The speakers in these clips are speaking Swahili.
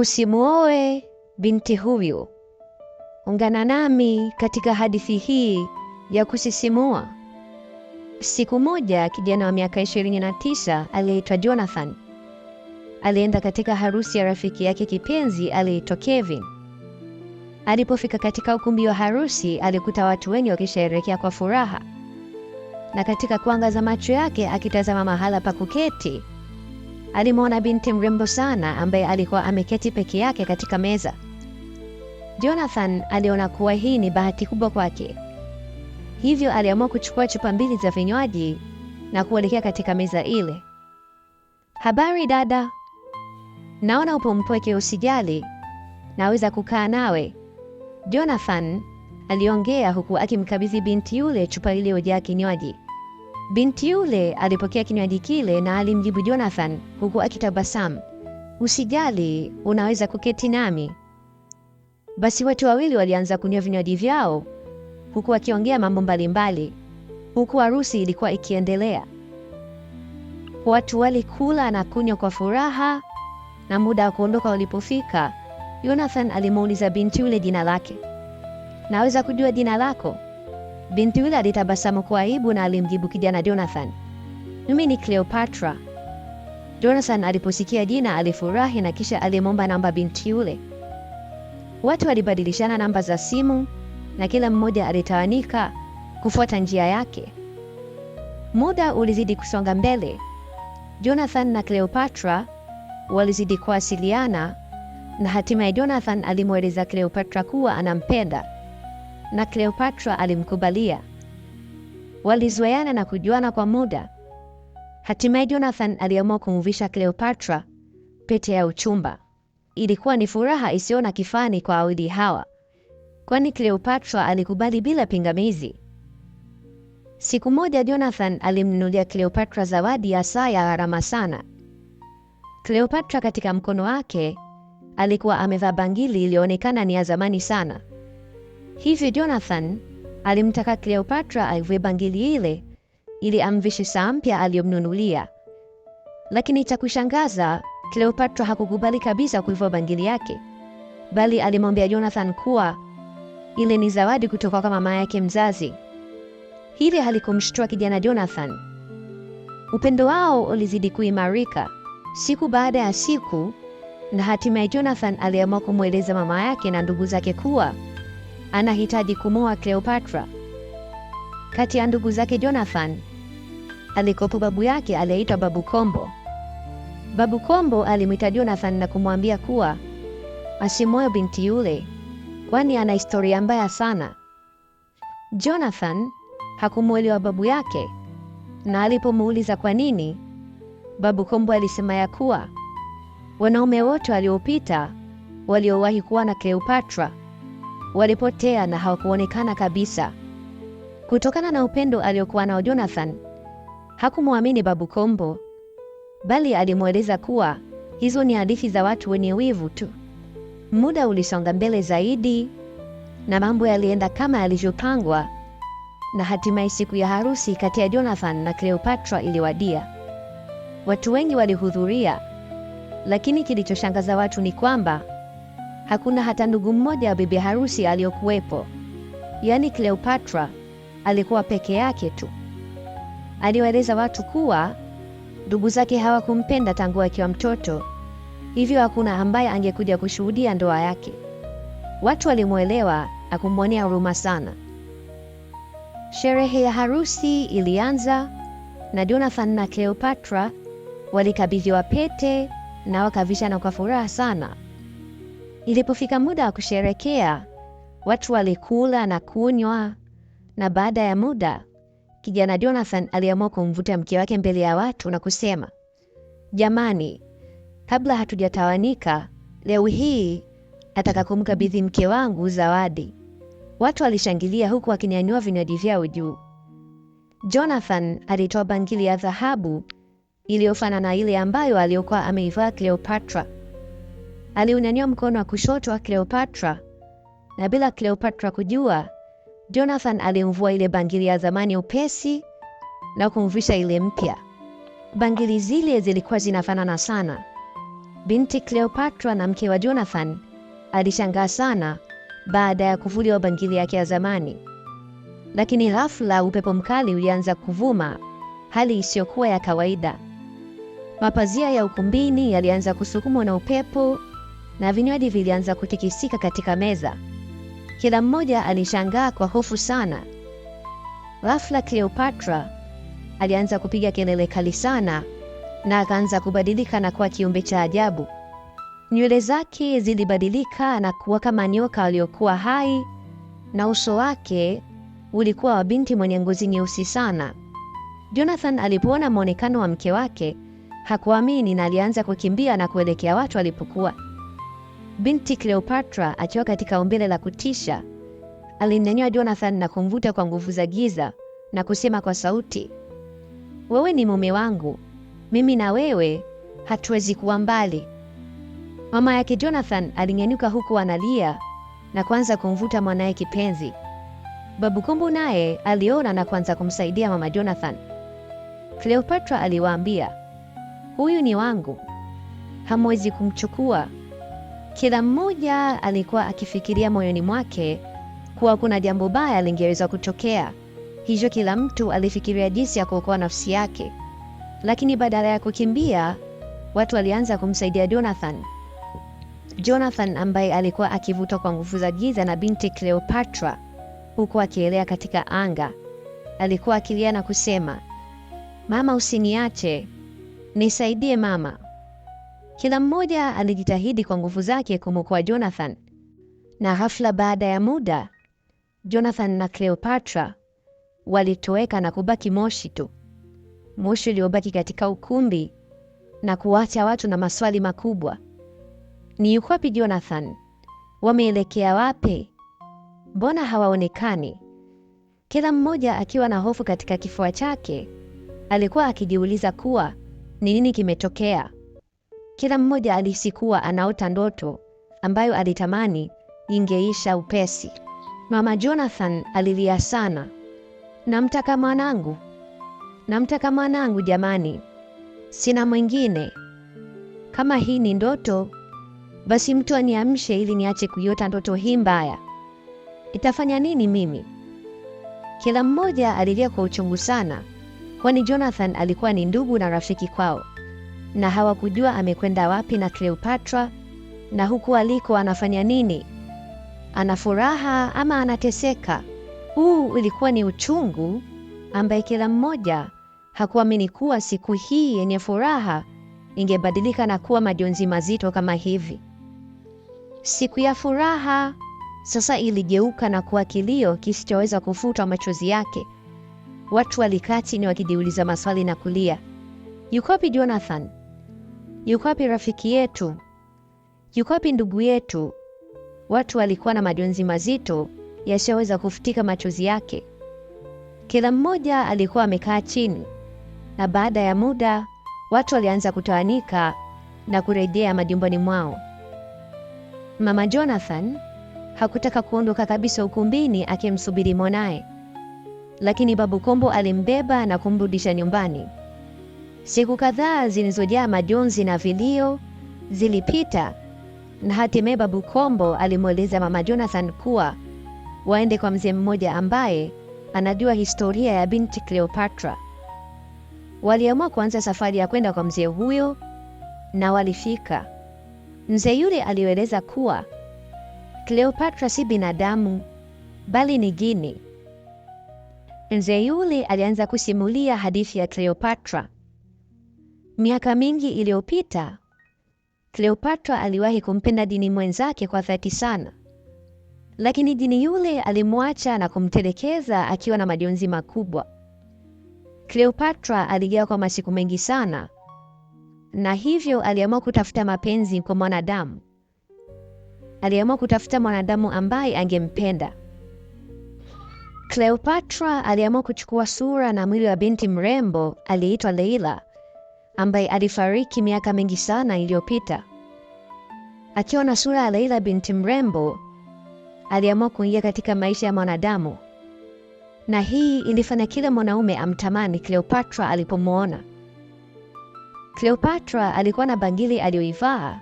Usimuoe binti huyu. Ungana nami katika hadithi hii ya kusisimua. Siku moja kijana wa miaka 29 aliyeitwa Jonathan alienda katika harusi ya rafiki yake kipenzi aliyeitwa Kevin. Alipofika katika ukumbi wa harusi, alikuta watu wengi wakisherehekea kwa furaha, na katika kuangaza macho yake akitazama mahala pa kuketi alimwona binti mrembo sana ambaye alikuwa ameketi peke yake katika meza. Jonathan aliona kuwa hii ni bahati kubwa kwake, hivyo aliamua kuchukua chupa mbili za vinywaji na kuelekea katika meza ile. Habari dada, naona upo mpweke, usijali, naweza kukaa nawe, Jonathan aliongea huku akimkabidhi binti yule chupa iliyojaa kinywaji. Binti yule alipokea kinywaji kile na alimjibu Jonathan huku akitabasamu, usijali, unaweza kuketi nami. Basi watu wawili walianza kunywa vinywaji vyao huku wakiongea mambo mbalimbali, huku harusi ilikuwa ikiendelea. Watu walikula na kunywa kwa furaha, na muda wa kuondoka ulipofika, Jonathan alimuuliza binti yule jina lake. Naweza kujua jina lako? Binti yule alitabasamu kwa aibu na alimjibu kijana Jonathan, mimi ni Cleopatra. Jonathan aliposikia jina alifurahi na kisha alimomba namba binti yule. Watu walibadilishana namba za simu na kila mmoja alitawanika kufuata njia yake. Muda ulizidi kusonga mbele. Jonathan na Cleopatra walizidi kuwasiliana na hatimaye Jonathan alimweleza Cleopatra kuwa anampenda na Cleopatra alimkubalia. Walizoeana na kujuana kwa muda. Hatimaye Jonathan aliamua kumvisha Cleopatra pete ya uchumba. Ilikuwa ni furaha isiyo na kifani kwa wawili hawa, kwani Cleopatra alikubali bila pingamizi. Siku moja Jonathan alimnunulia Cleopatra zawadi ya saa ya gharama sana. Cleopatra katika mkono wake alikuwa amevaa bangili iliyoonekana ni ya zamani sana. Hivyo Jonathan alimtaka Cleopatra aivue bangili ile ili amvishe saa mpya aliyomnunulia, lakini cha kushangaza, Cleopatra hakukubali kabisa kuivua bangili yake, bali alimwambia Jonathan kuwa ile ni zawadi kutoka kwa mama yake mzazi. Hili halikumshtua kijana Jonathan. Upendo wao ulizidi kuimarika siku baada ya siku, na hatimaye Jonathan aliamua kumweleza mama yake na ndugu zake kuwa anahitaji kumoa Cleopatra. Kati ya ndugu zake Jonathan alikopo babu yake aliyeitwa Babu Kombo. Babu Kombo alimwita Jonathan na kumwambia kuwa asimoe binti yule, kwani ana historia mbaya sana. Jonathan hakumwelewa babu yake, na alipomuuliza kwa nini, Babu Kombo alisema ya kuwa wanaume wote waliopita waliowahi kuwa na Cleopatra walipotea na hawakuonekana kabisa. Kutokana na upendo aliokuwa nao Jonathan, hakumwamini Babu Kombo, bali alimweleza kuwa hizo ni hadithi za watu wenye wivu tu. Muda ulisonga mbele zaidi na mambo yalienda kama yalivyopangwa, na hatimaye siku ya harusi kati ya Jonathan na Cleopatra iliwadia. Watu wengi walihudhuria, lakini kilichoshangaza watu ni kwamba hakuna hata ndugu mmoja wa bibi harusi aliyokuwepo. Yaani Cleopatra alikuwa peke yake tu. Aliwaeleza watu kuwa ndugu zake hawakumpenda tangu akiwa mtoto, hivyo hakuna ambaye angekuja kushuhudia ndoa yake. Watu walimwelewa na kumwonea huruma sana. Sherehe ya harusi ilianza na Jonathan na Cleopatra walikabidhiwa pete na wakavishana kwa furaha sana. Ilipofika muda wa kusherekea, watu walikula na kunywa, na baada ya muda kijana Jonathan aliamua kumvuta mke wake mbele ya watu na kusema, jamani, kabla hatujatawanika leo hii nataka kumkabidhi mke wangu zawadi. Watu walishangilia huku wakinyanyua vinywaji vyao juu. Jonathan alitoa bangili ya dhahabu iliyofanana na ile ambayo aliyokuwa ameivaa Cleopatra aliunyanyua mkono wa kushoto wa Cleopatra, na bila Cleopatra kujua, Jonathan alimvua ile bangili ya zamani upesi na kumvisha ile mpya. Bangili zile zilikuwa zinafanana sana. Binti Cleopatra na mke wa Jonathan alishangaa sana baada ya kuvuliwa bangili yake ya zamani, lakini ghafla upepo mkali ulianza kuvuma, hali isiyokuwa ya kawaida. Mapazia ya ukumbini yalianza kusukumwa na upepo na vinywaji vilianza kutikisika katika meza. Kila mmoja alishangaa kwa hofu sana. Ghafla Cleopatra alianza kupiga kelele kali sana na akaanza kubadilika na kuwa kiumbe cha ajabu. Nywele zake zilibadilika na kuwa kama nyoka aliyokuwa hai, na uso wake ulikuwa wa binti mwenye ngozi nyeusi sana. Jonathan alipoona muonekano wa mke wake hakuamini, na alianza kukimbia na kuelekea watu alipokuwa. Binti Cleopatra akiwa katika umbile la kutisha alimnyanyua Jonathan na kumvuta kwa nguvu za giza na kusema kwa sauti, wewe ni mume wangu, mimi na wewe hatuwezi kuwa mbali. Mama yake Jonathan alinyanyuka huku analia na kuanza kumvuta mwanaye kipenzi. Babu Kombo naye aliona na kuanza kumsaidia mama Jonathan. Cleopatra aliwaambia, huyu ni wangu, hamwezi kumchukua. Kila mmoja alikuwa akifikiria moyoni mwake kuwa kuna jambo baya lingeweza kutokea, hivyo kila mtu alifikiria jinsi ya kuokoa nafsi yake. Lakini badala ya kukimbia, watu walianza kumsaidia Jonathan. Jonathan ambaye alikuwa akivutwa kwa nguvu za giza na binti Cleopatra huku akielea katika anga, alikuwa akilia na kusema, mama, usiniache, nisaidie mama. Kila mmoja alijitahidi kwa nguvu zake kumwokoa Jonathan, na ghafla, baada ya muda, Jonathan na Cleopatra walitoweka na kubaki moshi tu, moshi uliobaki katika ukumbi na kuwacha watu na maswali makubwa. Ni yuko wapi Jonathan? Wameelekea wapi? Mbona hawaonekani? Kila mmoja akiwa na hofu katika kifua chake, alikuwa akijiuliza kuwa ni nini kimetokea. Kila mmoja alisikuwa anaota ndoto ambayo alitamani ingeisha upesi. Mama Jonathan alilia sana, namtaka mwanangu, namtaka mwanangu jamani, sina mwingine. Kama hii ni ndoto, basi mtu aniamshe ili niache kuiota ndoto hii mbaya. Itafanya nini mimi? Kila mmoja alilia kwa uchungu sana, kwani Jonathan alikuwa ni ndugu na rafiki kwao na hawakujua amekwenda wapi na Cleopatra na huku aliko anafanya nini, ana furaha ama anateseka. Huu ilikuwa ni uchungu ambaye kila mmoja hakuamini kuwa siku hii yenye furaha ingebadilika na kuwa majonzi mazito kama hivi. Siku ya furaha sasa iligeuka na kuwa kilio kisichoweza kufutwa machozi yake. Watu walikaa chini wakijiuliza maswali na kulia. Yuko wapi Jonathan? Yukwapi rafiki yetu? Yukwapi ndugu yetu? Watu walikuwa na majonzi mazito yasiyoweza kufutika machozi yake. Kila mmoja alikuwa amekaa chini, na baada ya muda watu walianza kutawanika na kurejea majumbani mwao. Mama Jonathan hakutaka kuondoka kabisa ukumbini akimsubiri mwanaye, lakini Babu Kombo alimbeba na kumrudisha nyumbani. Siku kadhaa zilizojaa majonzi na vilio zilipita na hatimaye Babu Kombo alimweleza Mama Jonathan kuwa waende kwa mzee mmoja ambaye anajua historia ya binti Cleopatra. Waliamua kuanza safari ya kwenda kwa mzee huyo na walifika. Mzee yule alieleza kuwa Cleopatra si binadamu bali ni jini. Mzee yule alianza kusimulia hadithi ya Cleopatra. Miaka mingi iliyopita, Cleopatra aliwahi kumpenda Dini mwenzake kwa dhati sana, lakini Dini yule alimwacha na kumtelekeza akiwa na majonzi makubwa. Cleopatra aligawa kwa masiku mengi sana, na hivyo aliamua kutafuta mapenzi kwa mwanadamu. Aliamua kutafuta mwanadamu ambaye angempenda. Cleopatra aliamua kuchukua sura na mwili wa binti mrembo aliyeitwa Leila ambaye alifariki miaka mingi sana iliyopita. Akiwa na sura ya Leila binti mrembo, aliamua kuingia katika maisha ya mwanadamu, na hii ilifanya kila mwanaume amtamani Cleopatra alipomwona. Cleopatra alikuwa na bangili aliyoivaa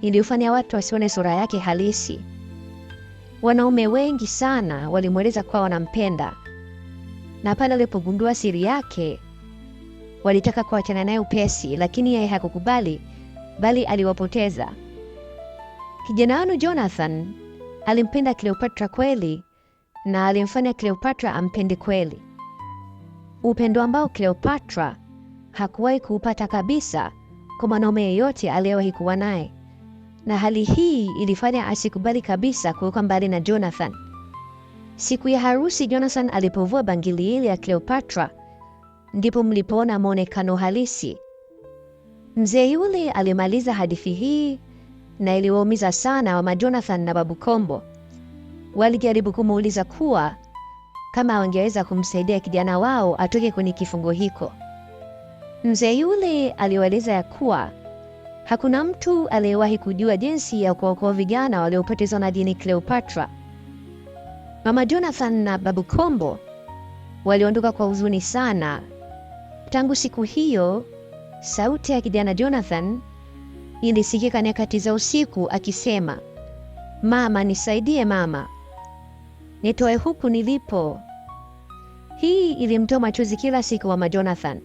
iliyofanya watu wasione sura yake halisi. Wanaume wengi sana walimweleza kuwa wanampenda, na pale alipogundua siri yake walitaka kuachana naye upesi, lakini yeye hakukubali, bali aliwapoteza. Kijana wenu Jonathan alimpenda Cleopatra kweli na alimfanya Cleopatra ampende kweli, upendo ambao Cleopatra hakuwahi kuupata kabisa kwa mwanaume yeyote aliyewahi kuwa naye, na hali hii ilifanya asikubali kabisa kuwekwa mbali na Jonathan. Siku ya harusi, Jonathan alipovua bangili ile ya Cleopatra ndipo mlipoona mwonekano halisi. Mzee yule alimaliza hadithi hii na iliwaumiza sana Mama Majonathan na Babu Kombo. Walijaribu kumuuliza kuwa kama wangeweza kumsaidia kijana wao atoke kwenye kifungo hiko. Mzee yule aliwaeleza ya kuwa hakuna mtu aliyewahi kujua jinsi ya kuokoa vijana waliopotezwa na jini Cleopatra. Mama Jonathan na Babu Kombo waliondoka kwa huzuni sana Tangu siku hiyo, sauti ya kijana Jonathan ilisikika nyakati za usiku akisema, mama nisaidie, mama nitoe huku nilipo. Hii ilimtoa machozi kila siku mama Jonathan.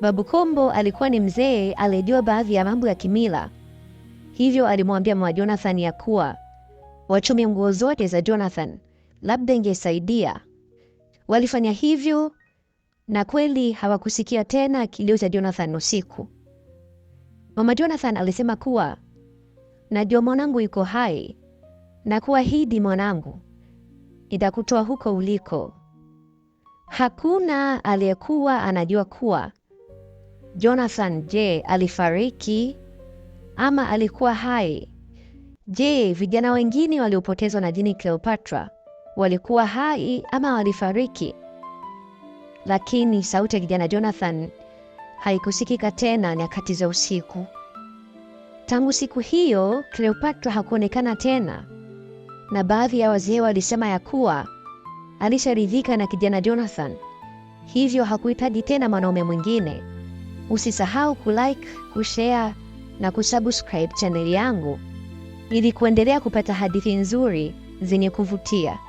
Babu Kombo alikuwa ni mzee aliyejua baadhi ya mambo ya kimila, hivyo alimwambia mama Jonathan ya kuwa wachumi nguo zote za Jonathan, labda ingesaidia. Walifanya hivyo na kweli hawakusikia tena kilio cha Jonathan usiku. Mama Jonathan alisema kuwa najua mwanangu yuko hai na kuahidi, mwanangu, nitakutoa huko uliko. Hakuna aliyekuwa anajua kuwa Jonathan, je, alifariki ama alikuwa hai? Je, vijana wengine waliopotezwa na jini Cleopatra walikuwa hai ama walifariki? lakini sauti ya kijana Jonathan haikusikika tena nyakati za usiku. Tangu siku hiyo Cleopatra hakuonekana tena, na baadhi ya wazee walisema ya kuwa alisharidhika na kijana Jonathan, hivyo hakuhitaji tena mwanaume mwingine. Usisahau kulike, kushare na kusubscribe chaneli yangu ili kuendelea kupata hadithi nzuri zenye kuvutia.